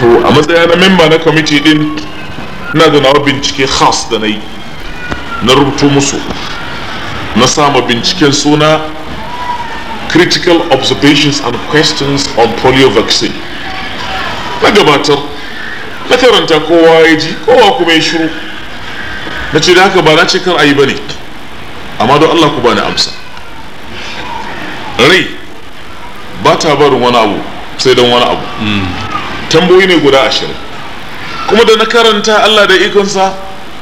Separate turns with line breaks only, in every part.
to a matsaya na memba na kwamiti din na da nawa bincike khas da na yi na rubuto musu na sama binciken suna critical observations and questions on polio vaccine na gabatar na karanta kowa ya ji kowa kuma ya shiru na ce da haka ba na ce kar a yi ba ne amma don allah ku bani amsa rai ba ta barin wani abu sai don wani abu mm. tambayoyi ne guda ashirin kuma da na karanta Allah da ikonsa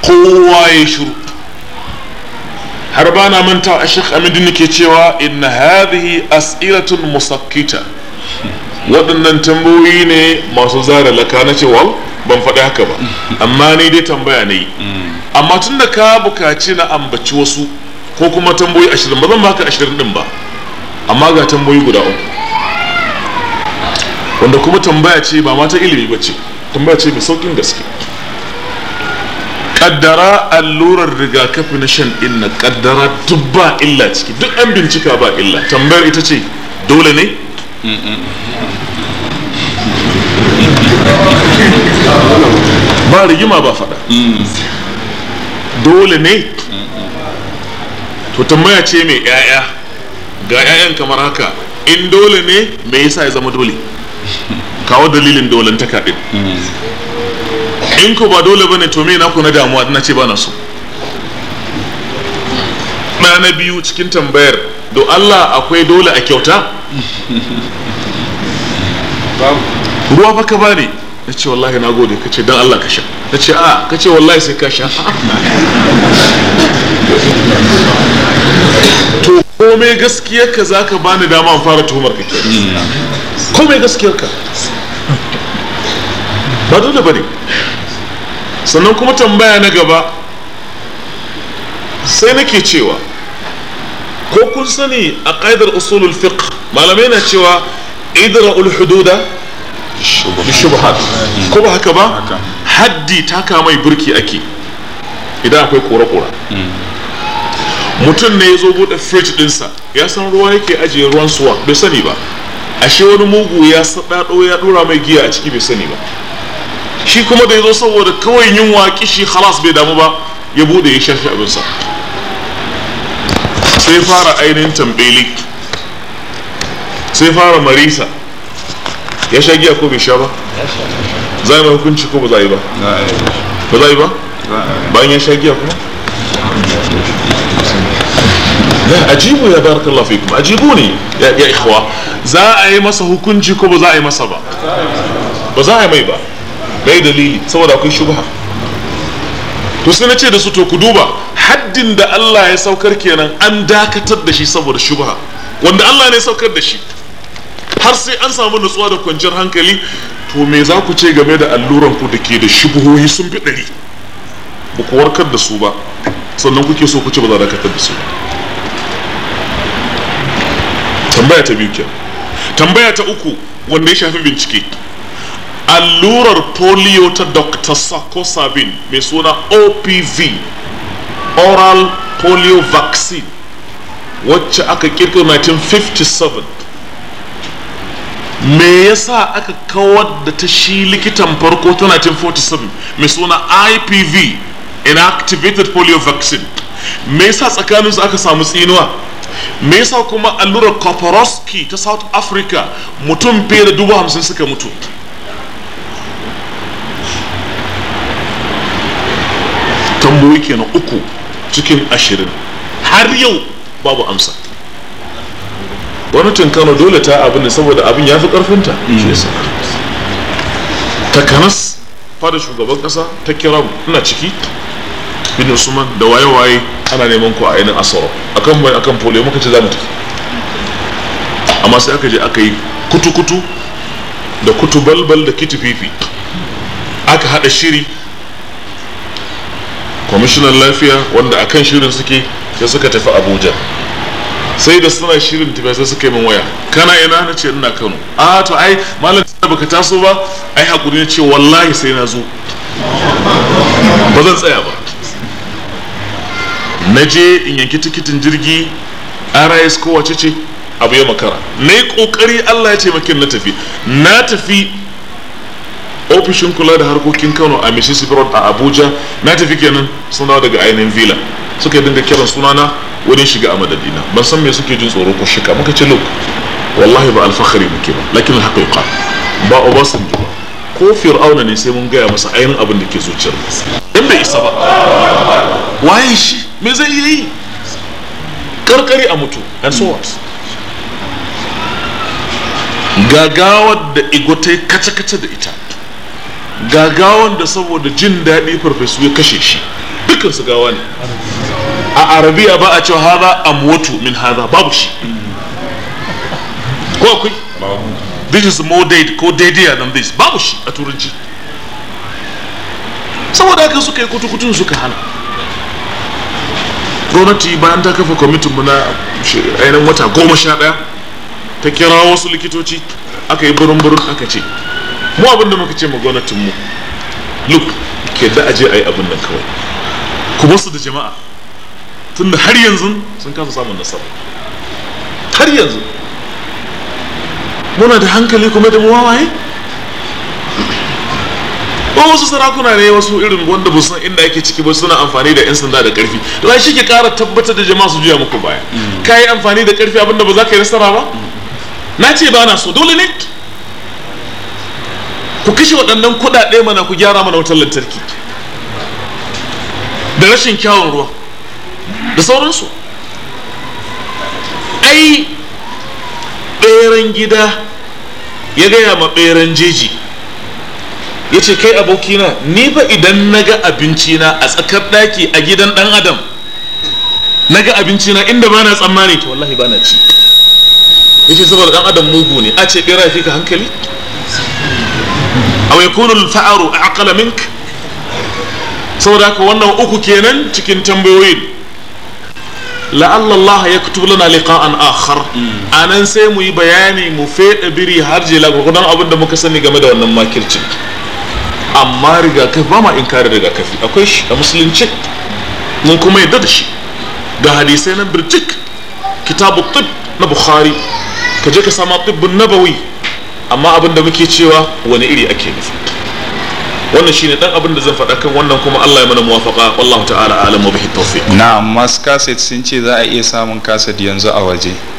kowa ya shuru har ba na manta a shek amidin ke cewa inna hadhihi as'ilatun musakkita waɗannan tambayoyi ne masu zara laka na cewa ban faɗi haka ba amma ni dai tambaya ne amma tun da ka bukaci na ambaci wasu ko kuma tambayoyi ashirin ba zan baka ashirin din ba amma ga tambayoyi guda uku wanda kuma tambaya ce ba ma ta ilimi ba ce tambaya ce mai saukin gaske kaddara allurar rigakafi na shan inna kaddara duk ba illa ciki duk an bincika ba illa tambayar ita ce dole ne ba rigima ba fada dole ne to tambaya ce mai 'ya'ya ga 'ya'yan kamar haka in dole ne me yasa ya zama dole kawo dalilin dolantaka din in ko ba dole bane to me ku na damuwa na ce bana so na na biyu cikin tambayar do Allah akwai dole a kyauta ruwa fa ka bani na ce wallahi na gode ka ce don Allah ka sha na ce a ah. ka ce wallahi sai ka sha to kome gaskiyar ka za ka bani dama fara tuhumar ka ke hmm. komai gaskiyar ka ba dole ba ne sannan kuma tambaya na gaba sai nake cewa ko kun sani a ƙa'idar usulul fiqh malamai na cewa idra'ul hududa shubhat ko ba haka ba haddi taka mai burki ake idan akwai kura kora mutum ne ya zo buɗe fridge ɗinsa ya san ruwa yake ajiye ruwan suwa bai sani ba ashe wani mugu ya sadado ya dora mai giya a ciki bai sani ba shi kuma da yazo saboda kawai yin waki shi khalas bai damu ba ya bude ya shafi sa sai fara ainin tambeli sai fara marisa ya sha giya ko bai sha ba za yi hukunci ko ba za yi ba ba za yi ba bayan ya sha giya kuma لا أجيبوا يا بارك الله فيكم أجيبوني يا, يا إخوة za a yi masa hukunci ko ba za a yi masa ba ba za a yi mai ba bai dalili saboda akwai shubha to sai na ce da su to ku duba haddin da Allah ya saukar kenan an dakatar da shi saboda shubha wanda Allah ne saukar da shi har sai an samu nutsuwa da kwanciyar hankali to me za ku ce game da alluran ku da ke da shubhohi sun fi ɗari ba ku warkar da su ba sannan kuke so ku ce ba za dakatar da su ba tambaya ta biyu kenan tambaya ta uku wanda ya shafi bincike allurar polio ta dr sako sabin mai suna opv oral polio vaccine wacce aka kirkiro 1957 me yasa aka kawar da ta shi likitan farko ta 1947 mai suna ipv inactivated polio vaccine me yasa tsakaninsu aka samu tsinuwa me yasa kuma allurar koforoski ta south africa mutum fiye da dubu hamsin suka mutu tambayoyi kenan uku cikin ashirin har yau babu amsa gwamnatin kano dole ta abin ne saboda abin ya fi karfinta mm. takanas fada shugaban kasa ta kira ina ciki bin man da waye waye ana neman ku a ainihin asoro akan mai akan foliyo muka ce za mu tafi amma sai aka je aka yi kutu kutu da kutu balbal da kitu fifi aka hada shiri kwamishinan lafiya wanda akan shirin suke sai suka tafi abuja sai da suna shirin tafiya sai suka yi min waya kana ina na ce ina kano a to ai malam da baka taso ba ai hakuri ne ce wallahi sai na zo ba zan tsaya ba na je in yanki tikitin jirgi ris ko wace ce abu ya makara na yi kokari allah ya taimakin na tafi na tafi ofishin kula da harkokin kano a mississippi road a abuja na tafi kenan sun dawo daga ainihin villa suka dinga kiran sunana wurin shiga a madadina ban san me suke jin tsoro ko shika muka ce look wallahi ba alfahari muke ba lakin haƙiƙa ba obasanjo ba ko fir'auna ne sai mun gaya masa ainihin abin da ke zuciyar in bai isa ba waye shi me zai iya yi karkari a mutu and so what gagawar da igotai kace-kace da ita gagawan da saboda jin daɗi farfesu ya kashe shi dukansu gawa ne a arabiya ba a cewa haza amwatu min haza babu shi ko akwai this is more dead ko deadier than this babu shi a turanci saboda haka suka yi kutukutun suka hana gwamnati bayan ta kafa kwamitin mu na ainihin wata goma sha daya ta kira wasu likitoci aka yi burin burin aka ce mu abin da muka ce ma gwamnatin mu look ke da aje a yi abin nan kawai ku basu da jama'a tun da har yanzu sun kasa samun nasara har yanzu muna da hankali kuma da mu wawaye ko wasu sarakuna ne wasu irin wanda ba san inda ake ciki ba suna amfani da yan sanda da karfi to ai shi ke kara tabbatar da jama'a su juya muku baya mm. kai yi amfani da karfi abinda ba za ka yi nasara ba mm. na ce ba na so dole ne ku kashe waɗannan kuɗaɗe mana ku gyara mana wutar lantarki da rashin kyawun ruwa da sauransu ai ɓeren gida ya gaya ma ɓeren jeji ya ce kai abokina ni fa idan na ga abincina a tsakar ɗaki a gidan ɗan adam na ga abincina inda ba na tsammani to wallahi ba na ci ya ce saboda ɗan adam mugu ne a ce ɓera fi ka hankali a mai kunul fa'aru a akala mink saboda haka wannan uku kenan cikin tambayoyin la'allallah ya kutubu lana liqa'an akhar hmm. anan sai mu yi bayani mu fede biri har jela gudan abin da muka sani game da wannan makircin amma rigakafi ba ma in inkarin rigakafi akwai shi a musulunci mun kuma yadda da shi da hadisai na birtik kitabu tib na bukhari ka je ka sama tibbin nabawi amma abin da muke cewa wani iri ake nufi wannan shine dan abin da zan faɗa kan wannan kuma Allah ya mana muwafaqa
wallahu ta'ala alamu bihi tawfiq na mas kaset sun ce za a iya samun kaset yanzu a waje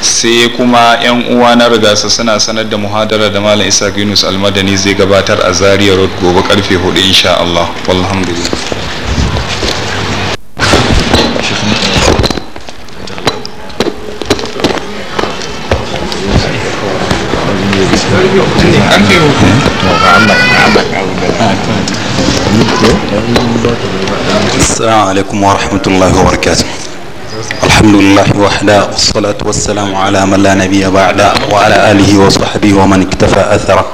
sai kuma yan uwa na rigasa suna sanar da muhadara da malam isa yunus almadani zai gabatar a zaria road gobe karfe 4 insha allah walhamdulillah السلام عليكم ورحمة الله وبركاته alhamdulillah wahda wassalatu wassalamu ala man la nabiyya ba'da wa ala alihi wa sahbihi wa man iktafa athara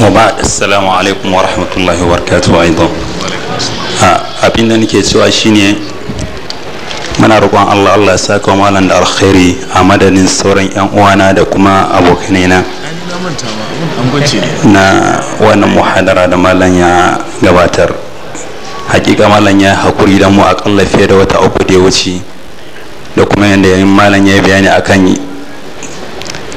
wa ba'd wa rahmatullahi wa barakatuh abin da nake cewa shine muna roƙon Allah Allah ya saka malam da alkhairi a madadin sauran yan uwana da kuma abokanai na wannan muhadara da malam ya gabatar hakika malam ya hakuri da mu akalla fiye da wata uku da ya wuce da kuma yadda malam ya bayani akan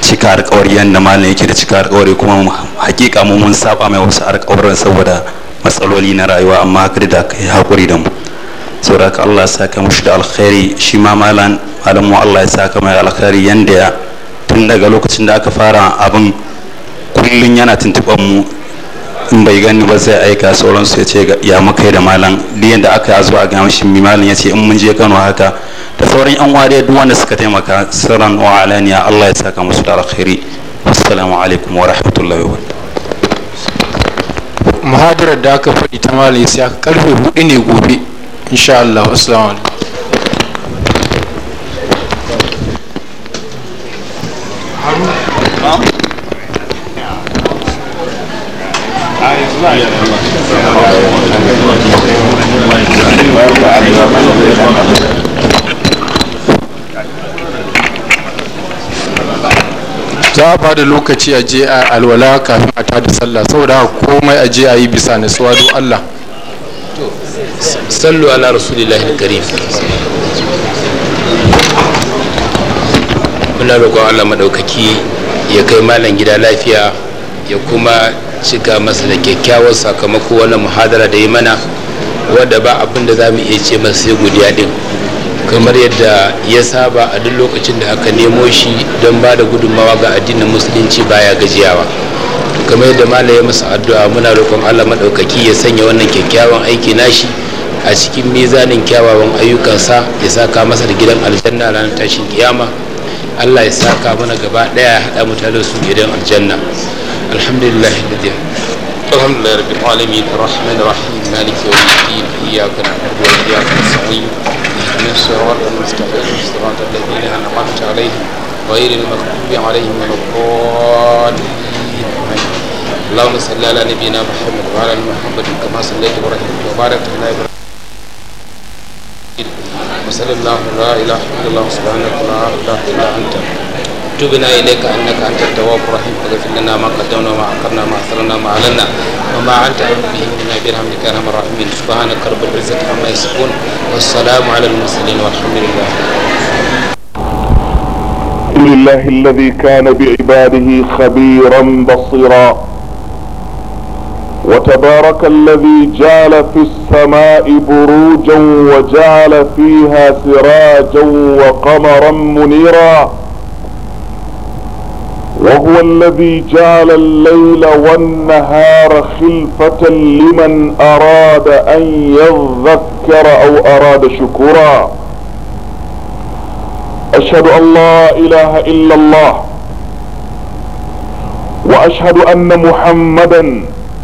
cika alkawari yadda malam yake da cika alkawari kuma hakika mu mun saba mai wasu alkawarin saboda matsaloli na rayuwa amma haka da kai hakuri da mu saboda ka Allah ya saka mushi da alkhairi shi ma malam malam mu Allah ya saka mai alkhairi yanda tun daga lokacin da aka fara abin kullun yana tuntuɓar mu in bai gani ba zai aika sauransu ya ce ya makai da malam liyan da aka yazo a gamshin mi malam ya ce in mun je kano haka da sauran yan wariya duk wanda suka taimaka sirran wa alaniya allah ya saka musu da alkhairi assalamu alaikum wa rahmatullahi wa muhadarar da aka faɗi ta malam ya sa karfe hudu ne gobe insha allah assalamu alaikum za a bada lokaci a je a alwala kafin a tada sallah saboda komai a je a yi bisa suwa don Allah sallu ala rasulillahi karim muna roƙon Allah madaukaki ya kai malam gida lafiya ya kuma cika masa da kyakkyawar sakamako wannan muhadara da ya mana wadda ba abin da zamu iya ce masa sai godiya din kamar yadda ya saba a duk lokacin da aka nemo shi don ba da gudunmawa ga addinin musulunci baya gajiyawa kamar yadda malaya masu addu'a muna roƙon allah maɗaukaki ya sanya wannan kyakkyawan aiki nashi a cikin mizanin kyawawan ayyukansa ya saka masa da gidan aljanna ranar tashin kiyama allah ya saka mana gaba ɗaya ya haɗa mu tare da su gidan aljanna alhamdulillah alhamdulillah rabbil alamin arrahman arrahim maliki yawmiddin iyyaka na'budu wa iyyaka nasta'in الصراط المستقيم صراط الذين أنعمت عليهم غير المغضوب عليهم ولا الضالين اللهم صل على نبينا محمد وعلى ال محمد كما صليت ورحمت وبارك على ابراهيم وصلى الله لا اله الا الله سبحانك لا اله الا انت تبنا اليك انك انت التواب الرحيم فاغفر لنا ما قدمنا وما اخرنا ما اثرنا ما علنا وما أنت به منا كان أرحم الراحمين سبحانك رب العزة عما يصفون والسلام على المرسلين والحمد لله
الحمد لله الذي كان بعباده خبيرا بصيرا وتبارك الذي جعل في السماء بروجا وجعل فيها سراجا وقمرا منيرا وهو الذي جعل الليل والنهار خلفة لمن أراد أن يذكر أو أراد شكرا أشهد أن لا إله إلا الله وأشهد أن محمدا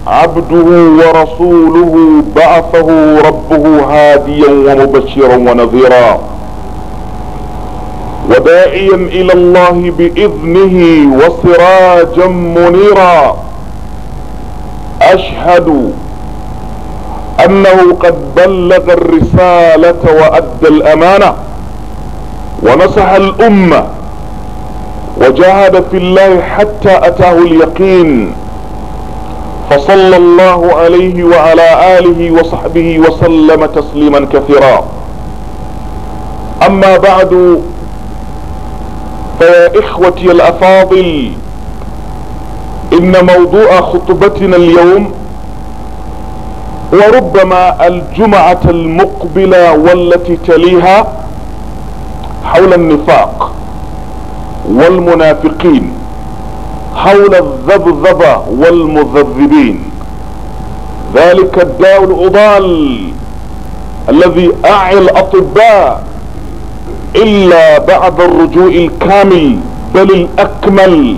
عبده ورسوله بعثه ربه هاديا ومبشرا ونذيرا وداعيا الى الله باذنه وسراجا منيرا اشهد انه قد بلغ الرسالة وادى الامانة ونصح الامة وجاهد في الله حتى اتاه اليقين فصلى الله عليه وعلى اله وصحبه وسلم تسليما كثيرا اما بعد فيا اخوتي الافاضل ان موضوع خطبتنا اليوم وربما الجمعة المقبلة والتي تليها حول النفاق والمنافقين حول الذبذبة والمذبذبين ذلك الداء الأضال الذي أعي الأطباء الا بعد الرجوع الكامل بل الاكمل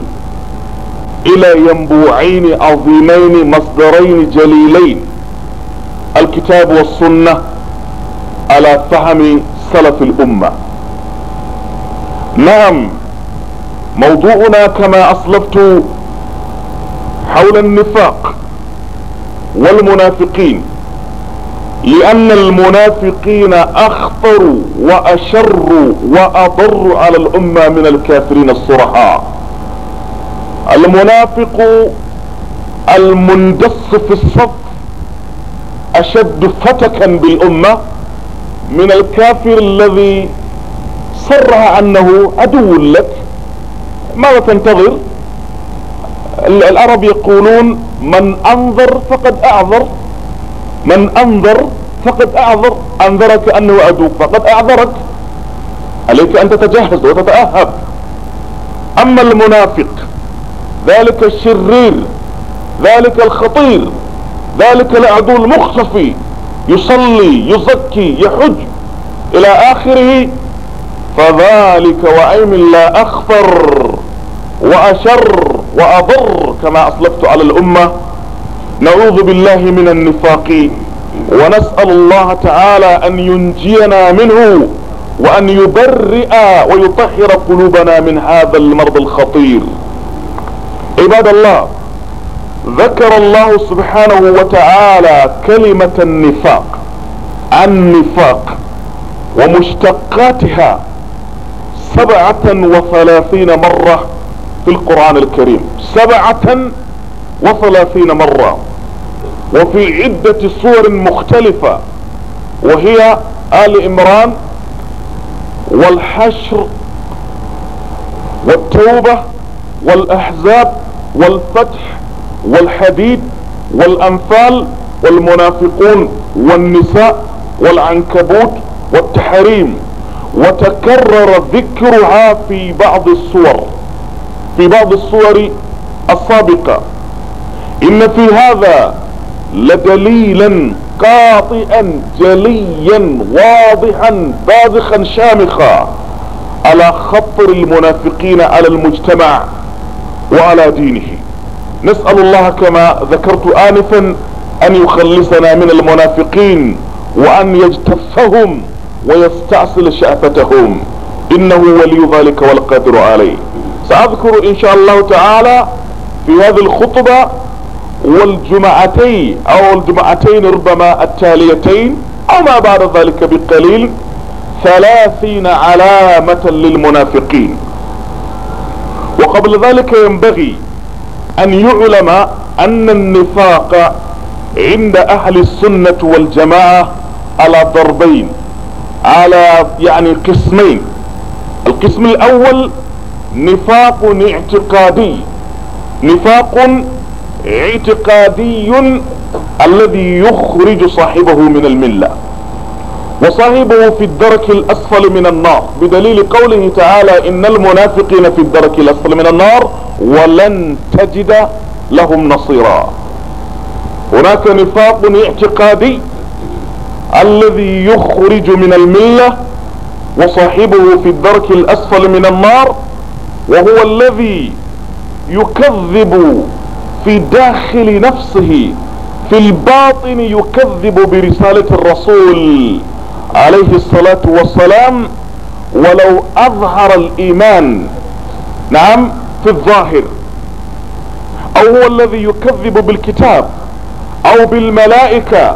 الى ينبوعين عظيمين مصدرين جليلين الكتاب والسنة على فهم سلف الامة نعم موضوعنا كما اسلفت حول النفاق والمنافقين لأن المنافقين اخطر واشر واضر على الأمة من الكافرين الصرحاء المنافق المندس في الصف أشد فتكا بالأمة من الكافر الذي صرح أنه عدو لك ماذا تنتظر العرب يقولون من أنظر فقد أعذر من أنظر فقد أعذر أنذرك أنه أدوك فقد أعذرك عليك أن تتجهز وتتأهب أما المنافق ذلك الشرير ذلك الخطير ذلك العدو المخفي يصلي يزكي يحج إلى آخره فذلك وعيم لا أخفر وأشر وأضر كما أصلفت على الأمة نعوذ بالله من النفاق ونسأل الله تعالى أن ينجينا منه وأن يبرئ ويطهر قلوبنا من هذا المرض الخطير عباد الله ذكر الله سبحانه وتعالى كلمة النفاق النفاق ومشتقاتها سبعة وثلاثين مرة في القرآن الكريم سبعة وثلاثين مرة وفي عدة صور مختلفة وهي آل إمران والحشر والتوبة والأحزاب والفتح والحديد والأنفال والمنافقون والنساء والعنكبوت والتحريم وتكرر ذكرها في بعض الصور في بعض الصور السابقة إن في هذا لدليلا قاطئا جليا واضحا باذخا شامخا على خطر المنافقين على المجتمع وعلى دينه نسأل الله كما ذكرت آنفا أن يخلصنا من المنافقين وأن يجتفهم ويستعصل شأفتهم إنه ولي ذلك والقادر عليه سأذكر إن شاء الله تعالى في هذه الخطبة والجمعتين او الجمعتين ربما التاليتين او ما بعد ذلك بقليل ثلاثين علامة للمنافقين وقبل ذلك ينبغي ان يعلم ان النفاق عند اهل السنة والجماعة على ضربين على يعني قسمين القسم الاول نفاق اعتقادي نفاق اعتقادي الذي يخرج صاحبه من الملة وصاحبه في الدرك الأسفل من النار بدليل قوله تعالى إن المنافقين في الدرك الأسفل من النار ولن تجد لهم نصيرا هناك نفاق اعتقادي الذي يخرج من الملة وصاحبه في الدرك الأسفل من النار وهو الذي يكذب في داخل نفسه في الباطن يكذب برسالة الرسول عليه الصلاة والسلام ولو اظهر الايمان نعم في الظاهر او هو الذي يكذب بالكتاب او بالملائكة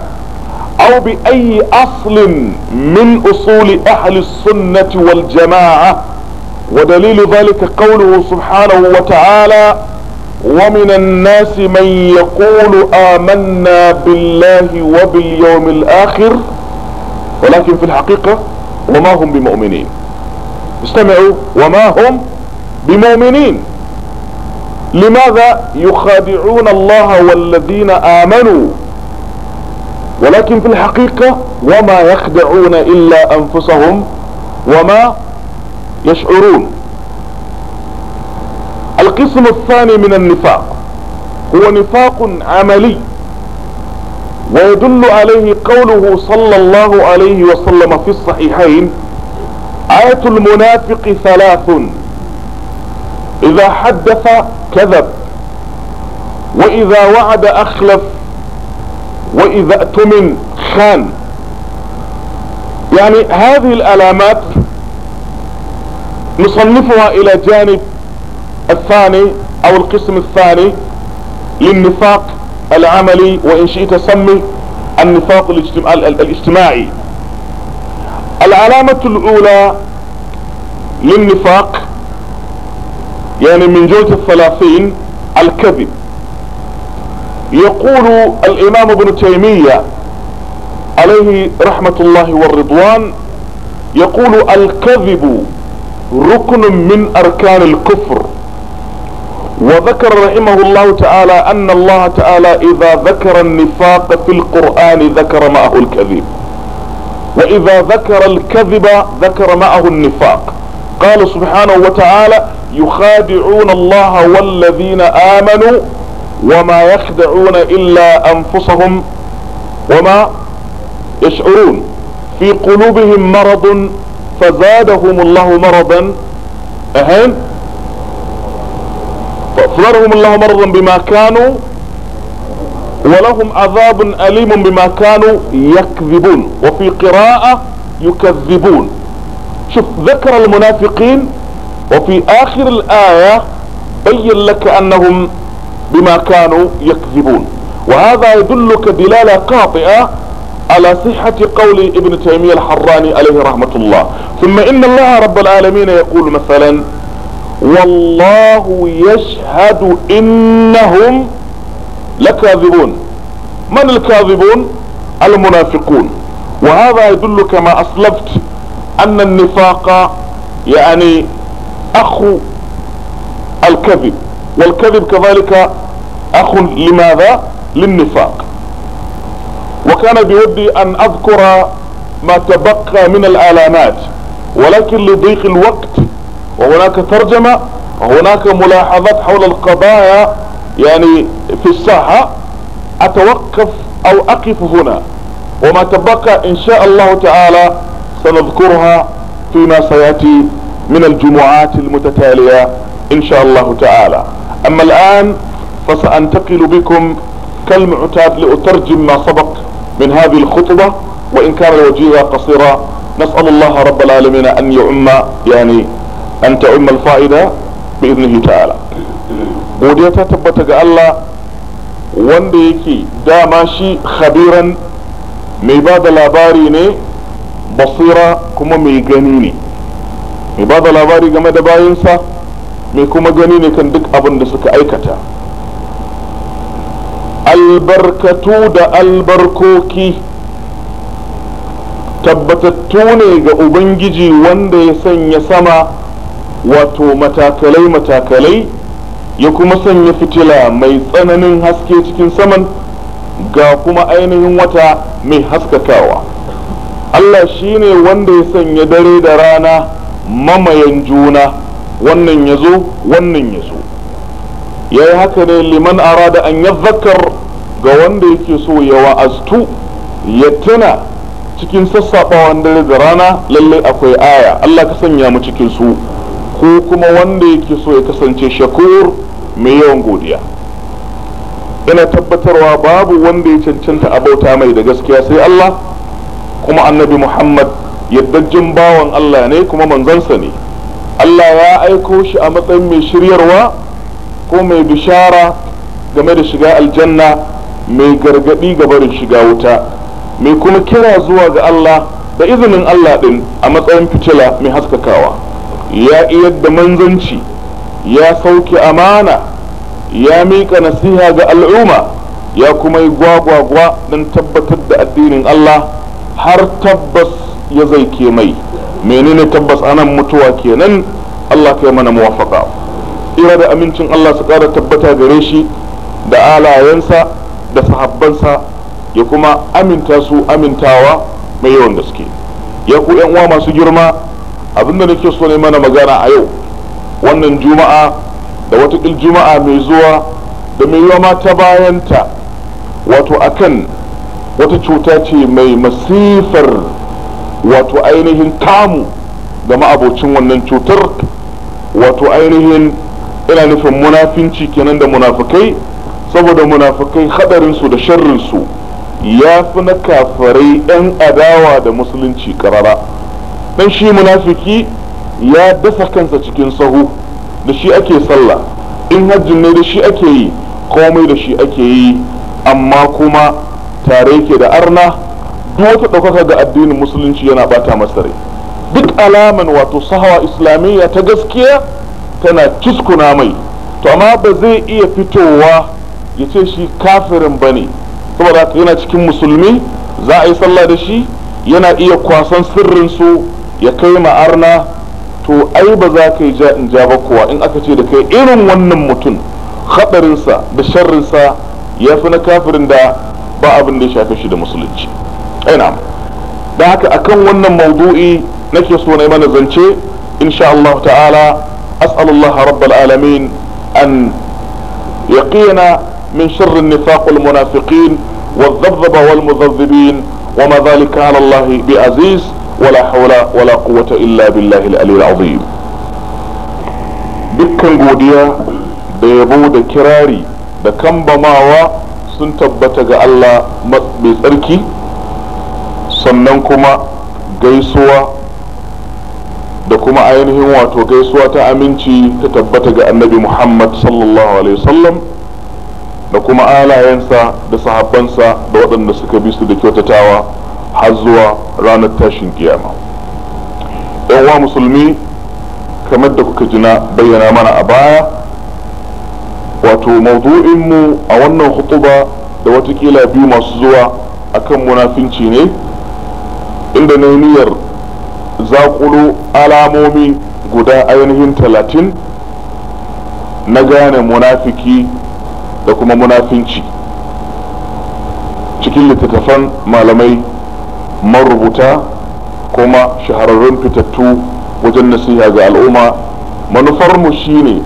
او باي اصل من اصول اهل السنة والجماعة ودليل ذلك قوله سبحانه وتعالى ومن الناس من يقول آمنا بالله وباليوم الآخر ولكن في الحقيقة وما هم بمؤمنين استمعوا وما هم بمؤمنين لماذا يخادعون الله والذين آمنوا ولكن في الحقيقة وما يخدعون إلا أنفسهم وما يشعرون القسم الثاني من النفاق هو نفاق عملي ويدل عليه قوله صلى الله عليه وسلم في الصحيحين آية المنافق ثلاث إذا حدث كذب وإذا وعد أخلف وإذا أتمن خان يعني هذه الألامات نصنفها إلى جانب الثاني او القسم الثاني للنفاق العملي وان شئت سمي النفاق الاجتماعي العلامة الاولى للنفاق يعني من جوة الثلاثين الكذب يقول الامام ابن تيمية عليه رحمة الله والرضوان يقول الكذب ركن من اركان الكفر وذكر رحمه الله تعالى أن الله تعالى إذا ذكر النفاق في القرآن ذكر معه الكذب وإذا ذكر الكذب ذكر معه النفاق قال سبحانه وتعالى يخادعون الله والذين آمنوا وما يخدعون إلا أنفسهم وما يشعرون في قلوبهم مرض فزادهم الله مرضا أهين فأخبرهم الله مرضا بما كانوا ولهم عذاب أليم بما كانوا يكذبون وفي قراءة يكذبون شوف ذكر المنافقين وفي آخر الآية بين لك أنهم بما كانوا يكذبون وهذا يدلك دلالة قاطئة على صحة قول ابن تيمية الحراني عليه رحمة الله ثم إن الله رب العالمين يقول مثلا والله يشهد إنهم لكاذبون من الكاذبون المنافقون وهذا يدل كما أسلفت أن النفاق يعني أخو الكذب والكذب كذلك أخ لماذا للنفاق وكان بودي أن أذكر ما تبقى من الآلامات ولكن لضيق الوقت وهناك ترجمة وهناك ملاحظات حول القضايا يعني في الساحة اتوقف او اقف هنا وما تبقى ان شاء الله تعالى سنذكرها فيما سيأتي من الجمعات المتتالية ان شاء الله تعالى اما الان فسانتقل بكم كالمعتاد لاترجم ما سبق من هذه الخطبة وان كان الوجيه قصيرة نسأل الله رب العالمين ان يعم يعني an ta'umma alfa'ida bi iznihi ta'ala godiya ta tabbata ga Allah wanda yake dama shi khabiran mai ba da labari ne basira kuma mai gani ne mai ba labari game da bayansa mai kuma gani ne kan duk abin da suka aikata albarkatu da albarkoki tabbatattu ne ga ubangiji wanda ya sanya sama wato matakalai matakalai ya kuma sanya fitila mai tsananin haske cikin saman ga kuma ainihin wata mai haskakawa Allah shi ne wanda ya sanya dare da rana mamayan juna wannan ya zo wannan ya zo ya yi haka ne liman arada an yadhakar ga wanda yake so ya wa'aztu ya tuna cikin sassaɓawan dare da rana lallai akwai aya Allah ka sanya mu cikin su ko kuma wanda yake so ya kasance shakur mai yawan godiya ina tabbatarwa babu wanda ya cancanta abauta mai da gaskiya sai Allah kuma annabi Muhammad yaddajin bawan Allah ne kuma manzansa ne Allah ya aiko shi a matsayin mai shiryarwa ko mai bishara game da shiga aljanna mai gargadi ga barin shiga wuta mai kuma kira zuwa ga Allah da izinin Allah ɗin a matsayin fitila mai haskakawa ya iyar da manzanci ya sauke amana ya mika nasiha ga al'umma ya kuma yi gwagwagwa don tabbatar da addinin Allah har tabbas ya zai ke mai menene tabbas anan mutuwa kenan Allah kai mana muwafaka ira da amincin Allah su ƙara tabbata gare shi da alayensa da sahabbansa ya kuma aminta su amintawa mai yawan gaske ya ku uwa masu girma abinda nake so ne mana magana a yau wannan juma'a da watakil juma'a mai zuwa da mai yiwa ma ta bayanta wato akan wata cuta ce mai masifar wato ainihin kamu ga ma'abocin wannan cutar wato ainihin ina nufin munafinci kenan da munafukai saboda munafukai hadarinsu da sharrinsu ya fi na kafarai 'yan adawa da musulunci karara dan shi munafiki ya dasa kansa cikin sahu da shi ake sallah in hajjin ne da shi ake yi komai da shi ake yi amma kuma tare ke da arna duk wata ɗaukaka ga addinin musulunci yana bata masa rai duk alaman wato sahawa islamiyya ta gaskiya tana ciskuna mai to amma ba zai iya fitowa ya ce shi kafirin ba ne saboda yana cikin musulmi za a yi sallah da shi yana iya kwasan sirrin su. ya kai ma'arna to ai ba za ka yi ja in ja ba kuwa in aka ce da kai irin wannan mutum haɗarinsa da sharrinsa ya fi na kafirin da ba abin da ya shafe shi da musulunci ina da haka akan wannan maudu'i nake so na yi mana zance insha Allah ta'ala as'alullah rabbal alamin an yaqina min sharri nifaq wal munafiqin والذبذب والمذبذبين وما ذلك على الله بعزيز wala haula wala quwwata illa billahi al-aliyyil dukkan godiya da yabo da kirari da kambamawa sun tabbata ga Allah mai tsarki sannan kuma gaisuwa da kuma ainihin wato gaisuwa ta aminci ta tabbata ga annabi Muhammad sallallahu alaihi wasallam da kuma alayensa da sahabbansa da waɗanda suka bi su da kyautatawa har zuwa ranar tashin kiyama wa musulmi kamar da kuka jina bayyana mana a baya wato mu a wannan hutuba da watakila biyu masu zuwa akan munafinci ne inda na niyyar zaƙulo alamomi guda ainihin talatin na gane munafiki da kuma munafinci cikin littattafan malamai marubuta kuma shahararrun fitattu wajen nasiha ga al'umma manufarmu shine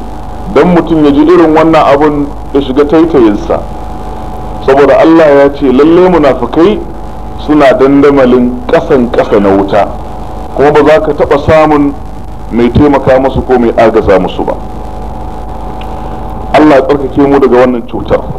don mutum ya ji irin wannan abun ya shiga taitayinsa saboda Allah ya ce lalle munafukai suna dandamalin ƙasan ƙasa na wuta kuma ba za ka taɓa samun mai taimaka musu ko mai agaza musu ba Allah ya tsarkake mu daga wannan cutar